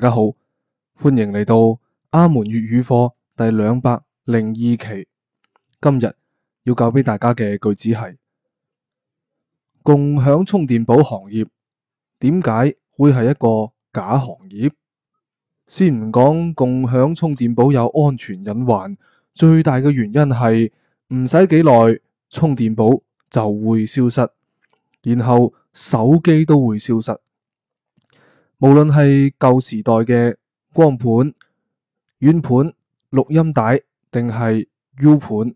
大家好，歡迎嚟到阿門粵語課第兩百零二期。今日要教俾大家嘅句子係：共享充電寶行業點解會係一個假行業？先唔講共享充電寶有安全隱患，最大嘅原因係唔使幾耐，充電寶就會消失，然後手機都會消失。無論係舊時代嘅光盤、軟盤、錄音帶，定係 U 盤，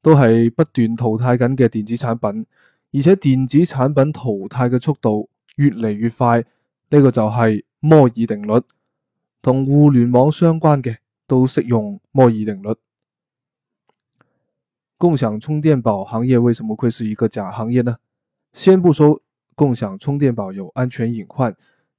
都係不斷淘汰緊嘅電子產品。而且電子產品淘汰嘅速度越嚟越快，呢個就係摩爾定律。同互聯網相關嘅都適用摩爾定律。共享充電寶行業為什麼佢是一個假行業呢？先不說共享充電寶有安全隱患。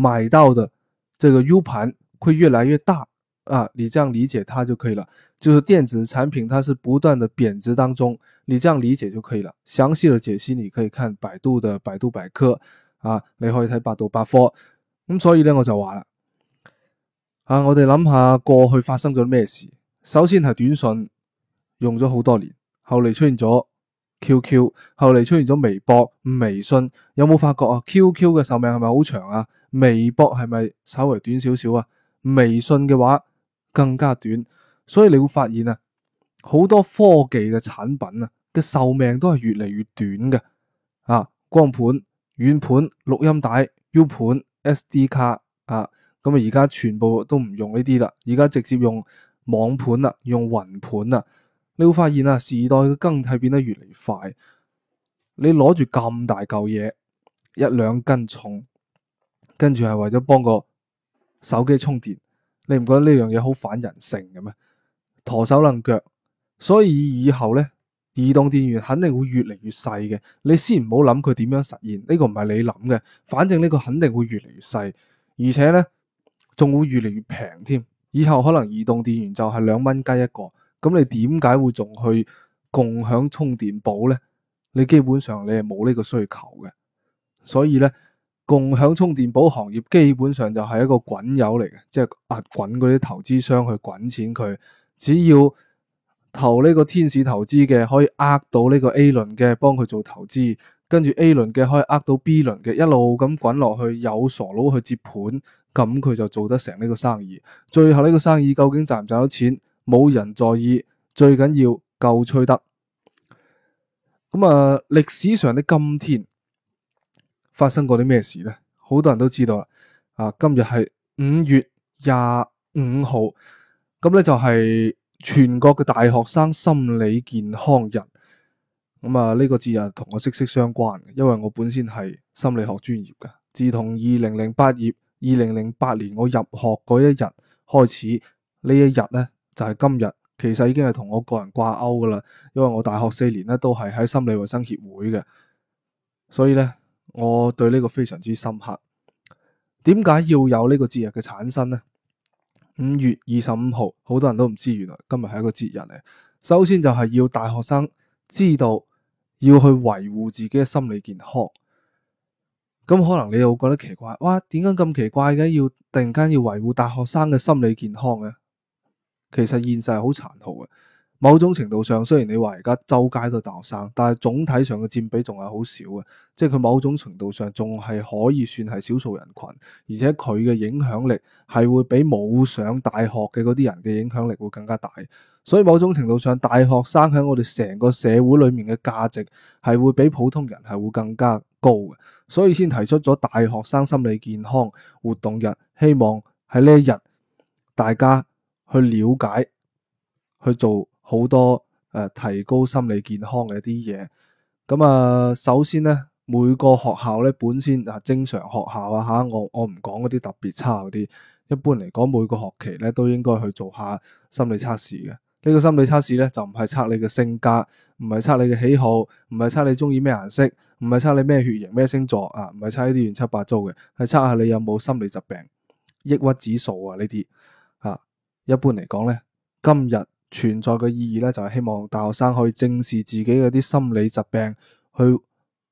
買到的這個 U 盤會越來越大啊，你這樣理解它就可以了。就是電子產品它是不斷的貶值當中，你這樣理解就可以了。詳細的解析你可以看百度的百度百科啊，你可以睇百度百科。咁、嗯、所以咧我就話啦，啊，我哋諗下過去發生咗咩事。首先係短信用咗好多年，後嚟出現咗 QQ，後嚟出現咗微博、微信，有冇發覺啊？QQ 嘅壽命係咪好長啊？微博係咪稍微短少少啊？微信嘅話更加短，所以你會發現啊，好多科技嘅產品啊，嘅壽命都係越嚟越短嘅。啊，光盤、軟盤、錄音帶、U 盤、SD 卡啊，咁啊而家全部都唔用呢啲啦，而家直接用網盤啊、用雲盤啊，你會發現啊，時代嘅更替變得越嚟越快。你攞住咁大嚿嘢，一兩斤重。跟住係為咗幫個手機充電，你唔覺得呢樣嘢好反人性嘅咩？拖手攢腳，所以以後呢，移動電源肯定會越嚟越細嘅。你先唔好諗佢點樣實現，呢個唔係你諗嘅，反正呢個肯定會越嚟越細，而且呢仲會越嚟越平添。以後可能移動電源就係兩蚊雞一個，咁你點解會仲去共享充電寶呢？你基本上你係冇呢個需求嘅，所以呢。共享充電寶行業基本上就係一個滾友嚟嘅，即係壓滾嗰啲投資商去滾錢佢，只要投呢個天使投資嘅可以呃到呢個 A 輪嘅幫佢做投資，跟住 A 輪嘅可以呃到 B 輪嘅一路咁滾落去，有傻佬去接盤，咁佢就做得成呢個生意。最後呢個生意究竟賺唔賺到錢，冇人在意，最緊要夠吹得。咁啊，歷史上的今天。發生過啲咩事咧？好多人都知道啦。啊，今日係五月廿五號，咁咧就係全國嘅大學生心理健康日。咁啊，呢個節日同我息息相關嘅，因為我本身係心理學專業嘅。自同二零零八月二零零八年我入學嗰一日開始，呢一日咧就係今日，其實已經係同我個人掛鈎噶啦。因為我大學四年咧都係喺心理衛生協會嘅，所以咧。我對呢個非常之深刻。點解要有呢個節日嘅產生呢？五月二十五號，好多人都唔知原來今日係一個節日嘅。首先就係要大學生知道要去維護自己嘅心理健康。咁可能你又覺得奇怪，哇，點解咁奇怪嘅？要突然間要維護大學生嘅心理健康呢？其實現實係好殘酷嘅。某種程度上，雖然你話而家周街都大學生，但係總體上嘅佔比仲係好少嘅，即係佢某種程度上仲係可以算係少數人群，而且佢嘅影響力係會比冇上大學嘅嗰啲人嘅影響力會更加大。所以某種程度上，大學生喺我哋成個社會裏面嘅價值係會比普通人係會更加高嘅，所以先提出咗大學生心理健康活動日，希望喺呢一日大家去了解、去做。好多誒、呃，提高心理健康嘅一啲嘢咁啊。首先咧，每個學校咧，本身啊，正常學校啊，吓我我唔講嗰啲特別差嗰啲。一般嚟講，每個學期咧都應該去做下心理測試嘅。呢個心理測試咧就唔係測你嘅性格，唔係測你嘅喜好，唔係測你中意咩顏色，唔係測你咩血型咩星座啊，唔係測呢啲亂七八糟嘅，係測下你有冇心理疾病、抑鬱指數啊呢啲吓。一般嚟講咧，今日。今存在嘅意義咧，就係、是、希望大學生可以正視自己嘅啲心理疾病，去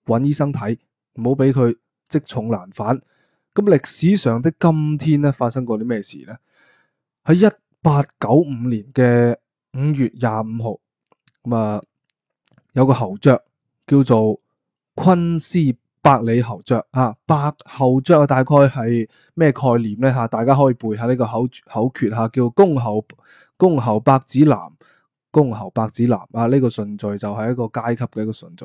揾醫生睇，唔好俾佢積重難返。咁歷史上的今天咧，發生過啲咩事咧？喺一八九五年嘅五月廿五號，咁啊有個侯爵叫做昆士百里侯爵啊，百侯爵啊，大概係咩概念咧？嚇、啊，大家可以背下呢個口口訣嚇，叫公侯。公侯伯子男，公侯伯子男啊！呢個順序就係一個階級嘅一個順序。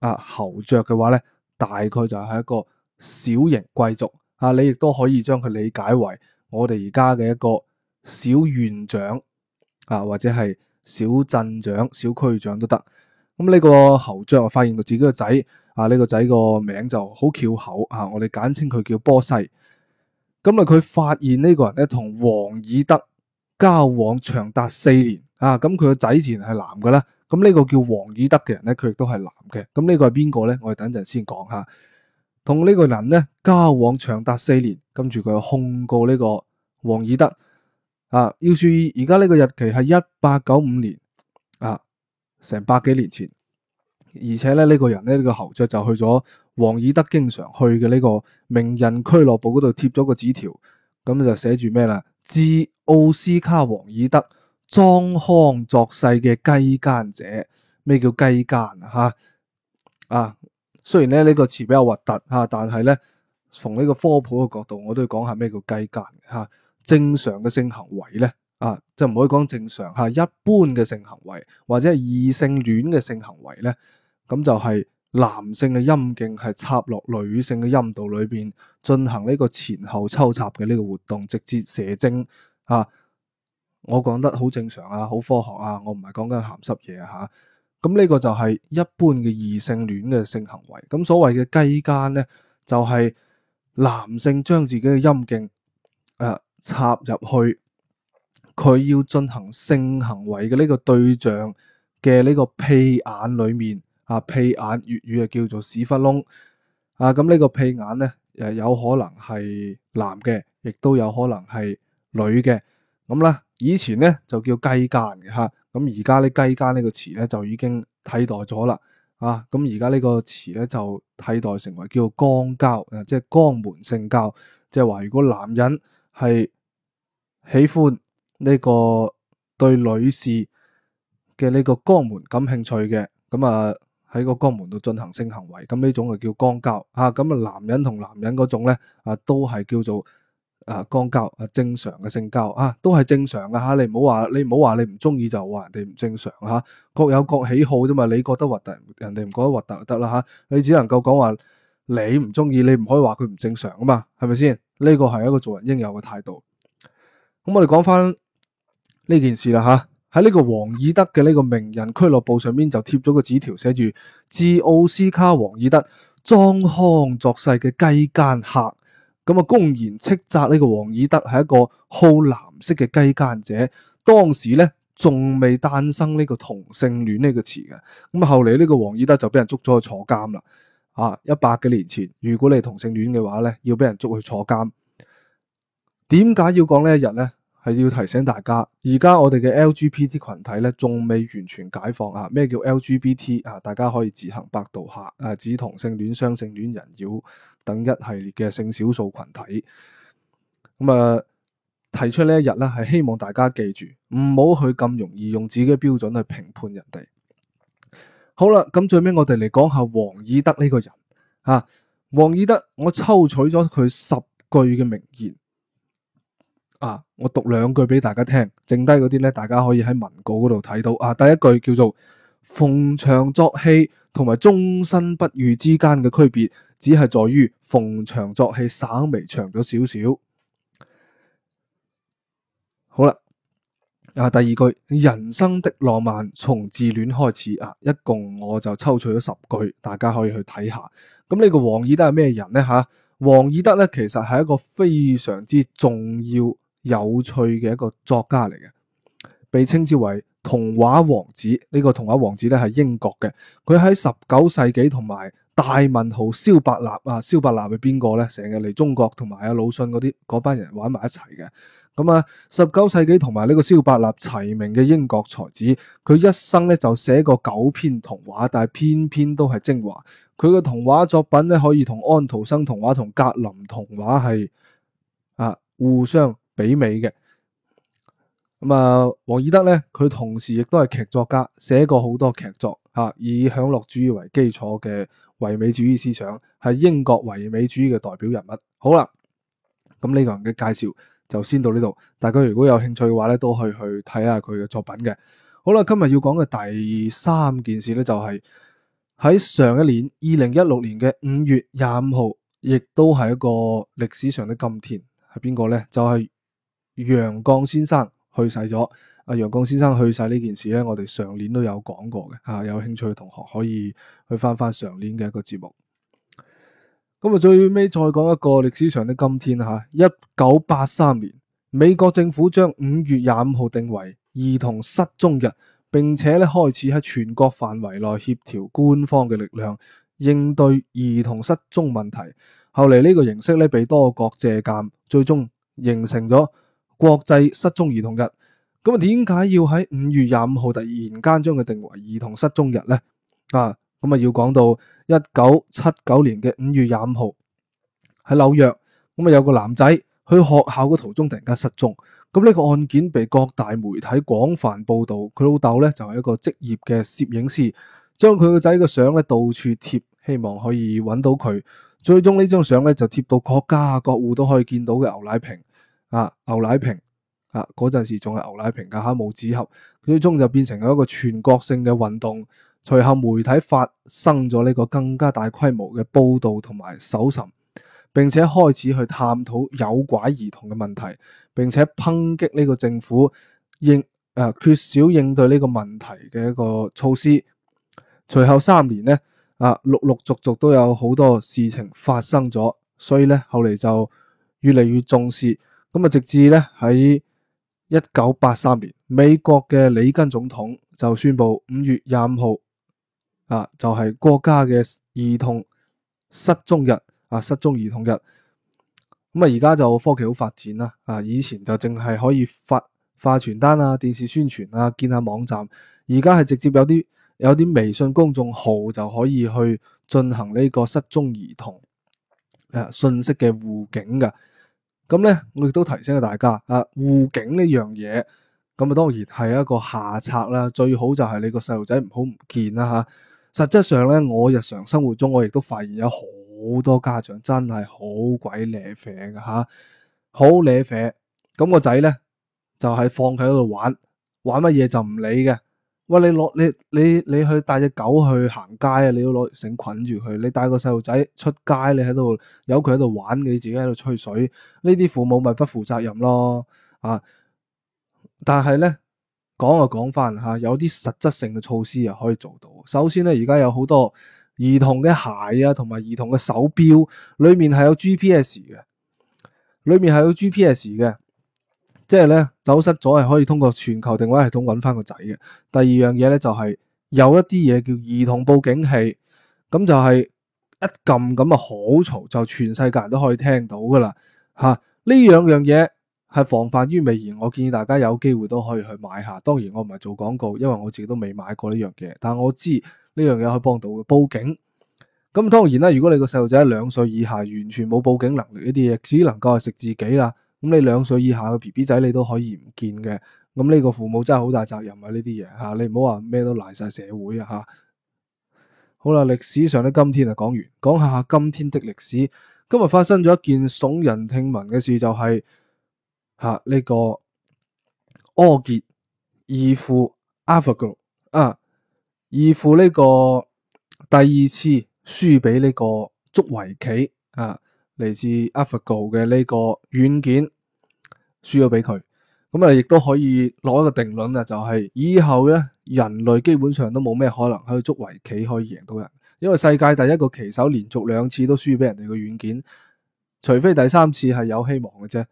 啊，侯爵嘅話咧，大概就係一個小型貴族啊。你亦都可以將佢理解為我哋而家嘅一個小縣長啊，或者係小鎮長、小區長都得。咁、啊、呢個侯爵發現佢自己個仔啊，呢個仔個名就好翹口啊。我哋簡稱佢叫波西。咁啊，佢發現呢個人咧同王爾德。交往長達四年啊！咁佢個仔前係男嘅啦，咁呢個叫王爾德嘅人咧，佢亦都係男嘅。咁、啊這個、呢個係邊個咧？我哋等陣先講下。同呢個人咧交往長達四年，跟住佢控告呢個王爾德啊。要注意，而家呢個日期係一八九五年啊，成百幾年前。而且咧呢、這個人咧呢、這個侯爵就去咗王爾德經常去嘅呢個名人俱樂部嗰度貼咗個紙條，咁就寫住咩啦？嗯至奧斯卡王爾德裝腔作勢嘅雞奸者，咩叫雞奸啊？吓啊！雖然咧呢個詞比較核突吓，但係咧從呢個科普嘅角度，我都要講下咩叫雞奸吓、啊。正常嘅性行為咧，啊，即係唔可以講正常吓，一般嘅性行為或者係異性戀嘅性行為咧，咁就係、是。男性嘅陰莖係插落女性嘅陰道裏邊，進行呢個前後抽插嘅呢個活動，直接射精啊！我講得好正常啊，好科學啊，我唔係講緊鹹濕嘢嚇。咁、啊、呢個就係一般嘅異性戀嘅性行為。咁所謂嘅雞奸咧，就係、是、男性將自己嘅陰莖誒、啊、插入去佢要進行性行為嘅呢個對象嘅呢個屁眼裏面。啊，屁眼，粵語啊叫做屎忽窿。啊咁呢、嗯呢個屁眼咧，誒有可能係男嘅，亦都有可能係女嘅。咁、嗯、啦，以前咧就叫雞奸嘅嚇。咁而家呢雞奸呢個詞咧就已經替代咗啦。啊咁而家呢個詞咧就替代成為叫肛交，誒即係肛門性交。即係話如果男人係喜歡呢個對女士嘅呢個肛門感興趣嘅，咁啊～喺個肛門度進行性行為，咁呢種就叫肛交啊！咁啊，男人同男人嗰種咧啊，都係叫做啊肛交啊，正常嘅性交啊，都係正常嘅吓、啊，你唔好話你唔好話你唔中意就話人哋唔正常吓、啊，各有各喜好啫嘛，你覺得核突，人哋唔覺得核突就得啦吓，你只能夠講話你唔中意，你唔可以話佢唔正常啊嘛，係咪先？呢、這個係一個做人應有嘅態度。咁我哋講翻呢件事啦吓。啊喺呢個王爾德嘅呢個名人俱樂部上面就貼咗個紙條，寫住自奧斯卡王爾德裝腔作勢嘅雞姦客，咁啊，公然斥責呢個王爾德係一個好男色嘅雞姦者。當時咧，仲未誕生呢個同性戀呢個詞嘅，咁後嚟呢個王爾德就俾人捉咗去坐監啦。啊，一百幾年前，如果你係同性戀嘅話咧，要俾人捉去坐監。點解要講呢一日咧？係要提醒大家，而家我哋嘅 LGBT 群體咧，仲未完全解放啊！咩叫 LGBT 啊？大家可以自行百度下啊，指同性戀、雙性戀、人妖等一系列嘅性少數群體。咁啊，呃，提出一呢一日咧，係希望大家記住，唔好去咁容易用自己嘅標準去評判人哋。好啦，咁最尾我哋嚟講下王爾德呢個人啊。王爾德，我抽取咗佢十句嘅名言。啊！我讀兩句俾大家聽，剩低嗰啲咧，大家可以喺文稿嗰度睇到。啊，第一句叫做“逢場作戲”同埋“終身不遇”之間嘅區別，只係在於“逢場作戲”稍微長咗少少。好啦，啊，第二句人生的浪漫從自戀開始。啊，一共我就抽取咗十句，大家可以去睇下。咁呢個王爾德係咩人呢？吓、啊，王爾德咧其實係一個非常之重要。有趣嘅一個作家嚟嘅，被稱之為童話王子。呢個童話王子咧係英國嘅，佢喺十九世紀同埋大文豪蕭伯納啊，蕭伯納係邊個咧？成日嚟中國同埋阿魯迅嗰啲嗰班人玩埋一齊嘅。咁、嗯、啊，十九世紀同埋呢個蕭伯納齊名嘅英國才子，佢一生咧就寫過九篇童話，但係篇篇都係精華。佢嘅童話作品咧可以同安徒生童話同格林童話係啊互相，唯美嘅咁啊，王爾德咧，佢同時亦都係劇作家，寫過好多劇作，吓、啊、以享樂主義為基礎嘅唯美主義思想，係英國唯美主義嘅代表人物。好啦，咁、嗯、呢、這個人嘅介紹就先到呢度。大家如果有興趣嘅話咧，都可以去睇下佢嘅作品嘅。好啦，今日要講嘅第三件事咧，就係、是、喺上一年二零一六年嘅五月廿五號，亦都係一個歷史上嘅今天，係邊個咧？就係、是。楊絳先生去世咗。阿楊絳先生去世呢件事呢，我哋上年都有講過嘅。吓、啊，有興趣嘅同學可以去翻翻上年嘅一個節目。咁啊，最尾再講一個歷史上的今天吓，一九八三年，美國政府將五月廿五號定為兒童失蹤日，並且咧開始喺全國範圍內協調官方嘅力量應對兒童失蹤問題。後嚟呢個形式咧被多國借鑒，最終形成咗。國際失蹤兒童日，咁啊，點解要喺五月廿五號突然間將佢定為兒童失蹤日呢？啊，咁啊，要講到一九七九年嘅五月廿五號喺紐約，咁啊有個男仔去學校嘅途中突然間失蹤，咁呢個案件被各大媒體廣泛報道，佢老豆呢就係一個職業嘅攝影師，將佢個仔嘅相呢到處貼，希望可以揾到佢，最終呢張相呢就貼到各家、各戶都可以見到嘅牛奶瓶。啊！牛奶瓶啊，嗰陣時仲係牛奶瓶架下，冇紙盒，最終就變成咗一個全國性嘅運動。隨後媒體發生咗呢個更加大規模嘅報道同埋搜尋，並且開始去探討誘拐兒童嘅問題，並且抨擊呢個政府應誒、啊、缺少應對呢個問題嘅一個措施。隨後三年呢，啊陸陸續續都有好多事情發生咗，所以咧後嚟就越嚟越重視。咁啊，直至咧喺一九八三年，美國嘅里根總統就宣布五月廿五號啊，就係、是、國家嘅兒童失蹤日啊，失蹤兒童日。咁啊，而家就科技好發展啦，啊，以前就淨係可以發發傳單啊、電視宣傳啊、見下網站，而家係直接有啲有啲微信公眾號就可以去進行呢個失蹤兒童誒、啊、信息嘅護警嘅。咁咧，我亦都提醒啊大家，啊護警呢樣嘢，咁啊當然係一個下策啦，最好就係你個細路仔唔好唔見啦吓。實質上咧，我日常生活中我亦都發現有好多家長真係好鬼咧啡嘅吓，好咧啡，咁個仔咧就係佢放喺度玩，玩乜嘢就唔理嘅。喂，你攞你你你去帶隻狗去行街啊！你要攞條繩捆住佢。你帶個細路仔出街，你喺度由佢喺度玩，你自己喺度吹水，呢啲父母咪不負責任咯啊！但係咧講就講翻嚇，有啲實質性嘅措施又可以做到。首先咧，而家有好多兒童嘅鞋啊，同埋兒童嘅手錶，裡面係有 GPS 嘅，裡面係有 GPS 嘅。即係咧，走失咗係可以通過全球定位系統揾翻個仔嘅。第二樣嘢咧，就係、是、有一啲嘢叫兒童報警器，咁就係一撳咁啊好嘈，就全世界人都可以聽到噶啦吓。呢、啊、兩樣嘢係防範於未然，我建議大家有機會都可以去買下。當然我唔係做廣告，因為我自己都未買過呢樣嘢，但係我知呢樣嘢可以幫到嘅報警。咁當然啦，如果你個細路仔兩歲以下，完全冇報警能力呢啲嘢，只能夠係食自己啦。咁你兩歲以下嘅 B B 仔，你都可以唔見嘅。咁呢個父母真係好大責任啊！呢啲嘢吓，你唔好話咩都賴晒社會啊！吓，好啦，歷史上的今天啊，講完，講下下今天的歷史。今日發生咗一件聳人聽聞嘅事，就係吓呢個柯潔義父 AlphaGo 啊，義父呢個、啊這個、第二次輸俾呢個捉圍棋啊。嚟自 AlphaGo 嘅呢個軟件輸咗俾佢，咁啊亦都可以攞一個定論啊，就係以後咧，人類基本上都冇咩可能可以捉圍棋可以贏到人，因為世界第一個棋手連續兩次都輸俾人哋嘅軟件，除非第三次係有希望嘅啫，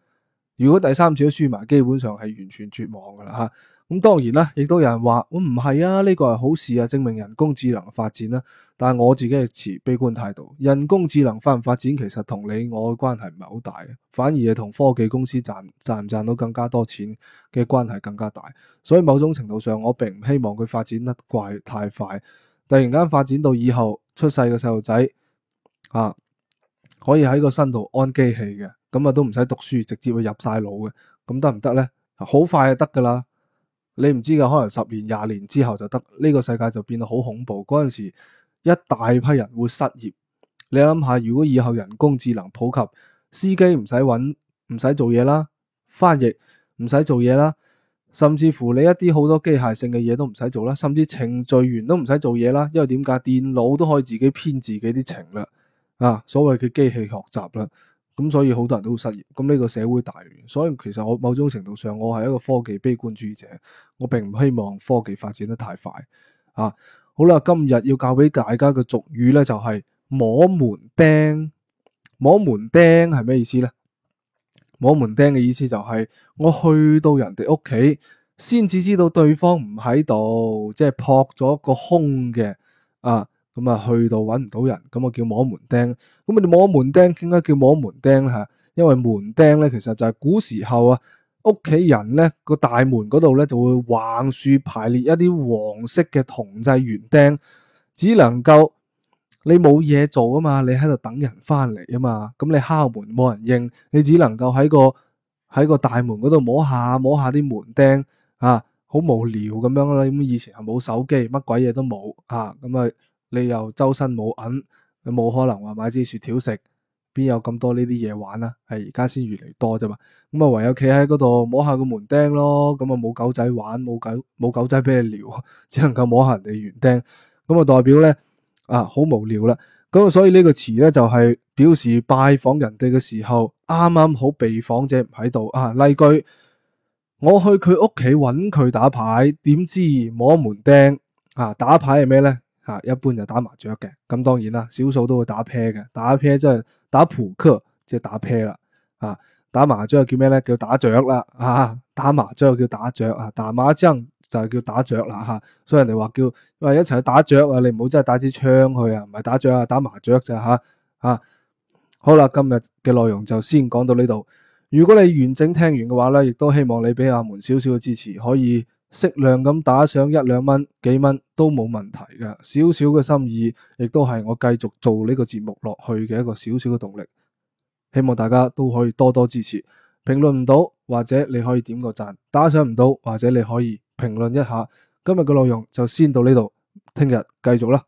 如果第三次都輸埋，基本上係完全絕望噶啦吓。咁當然啦，亦都有人話：我唔係啊，呢個係好事啊，證明人工智能發展啦。但係我自己係持悲觀態度，人工智能發唔發展其實同你我嘅關係唔係好大，反而係同科技公司賺賺唔賺到更加多錢嘅關係更加大。所以某種程度上，我並唔希望佢發展得快太快，突然間發展到以後出世嘅細路仔啊，可以喺個身度安機器嘅，咁啊都唔使讀書，直接會入晒腦嘅，咁得唔得咧？好快就得噶啦！你唔知㗎，可能十年、廿年之後就得，呢個世界就變得好恐怖。嗰陣時一大批人會失業。你諗下，如果以後人工智能普及，司機唔使揾，唔使做嘢啦，翻譯唔使做嘢啦，甚至乎你一啲好多機械性嘅嘢都唔使做啦，甚至程序員都唔使做嘢啦，因為點解電腦都可以自己編自己啲程啦？啊，所謂嘅機器學習啦。咁所以好多人都失業，咁呢個社會大亂，所以其實我某種程度上我係一個科技悲觀主義者，我並唔希望科技發展得太快。啊，好啦，今日要教俾大家嘅俗語咧就係摸門釘，摸門釘係咩意思咧？摸門釘嘅意思就係我去到人哋屋企，先至知道對方唔喺度，即係撲咗個空嘅，啊。咁啊，去到搵唔到人，咁我叫摸門釘。咁啊，你摸門釘，點解叫摸門釘吓？因為門釘咧，其實就係古時候啊，屋企人咧個大門嗰度咧就會橫豎排列一啲黃色嘅銅製圓釘，只能夠你冇嘢做啊嘛，你喺度等人翻嚟啊嘛，咁你敲門冇人應，你只能夠喺個喺個大門嗰度摸下摸下啲門釘，啊，好無聊咁樣啦。咁以前係冇手機，乜鬼嘢都冇，啊，咁啊。你又周身冇銀，你冇可能話買支薯條食，邊有咁多呢啲嘢玩啊？係而家先越嚟越多啫嘛。咁啊，唯有企喺嗰度摸下個門釘咯。咁啊，冇狗仔玩，冇狗冇狗仔俾你撩，只能夠摸下人哋圓釘。咁啊，代表咧啊，好無聊啦。咁啊，所以呢個詞咧就係表示拜訪人哋嘅時候，啱啱好被訪者唔喺度啊。例句，我去佢屋企揾佢打牌，點知摸門釘啊？打牌係咩咧？啊，一般就打麻雀嘅，咁當然啦，少數都會打啤嘅，打啤即係打撲克，即係打啤啦。啊，打麻雀又叫咩咧？叫打雀啦。啊，打麻雀又叫打雀啊，啊，打麻將就係叫打雀啦。嚇，所以人哋話叫話一齊去打雀啊，你唔好真係帶支槍去啊，唔係打雀啊，打麻雀咋嚇？啊，好啦，今日嘅內容就先講到呢度。如果你完整聽完嘅話咧，亦都希望你俾阿門少少嘅支持，可以。適量咁打賞一兩蚊，幾蚊都冇問題㗎，少少嘅心意，亦都係我繼續做呢個節目落去嘅一個少少嘅動力。希望大家都可以多多支持，評論唔到或者你可以點個讚，打賞唔到或者你可以評論一下。今日嘅內容就先到呢度，聽日繼續啦。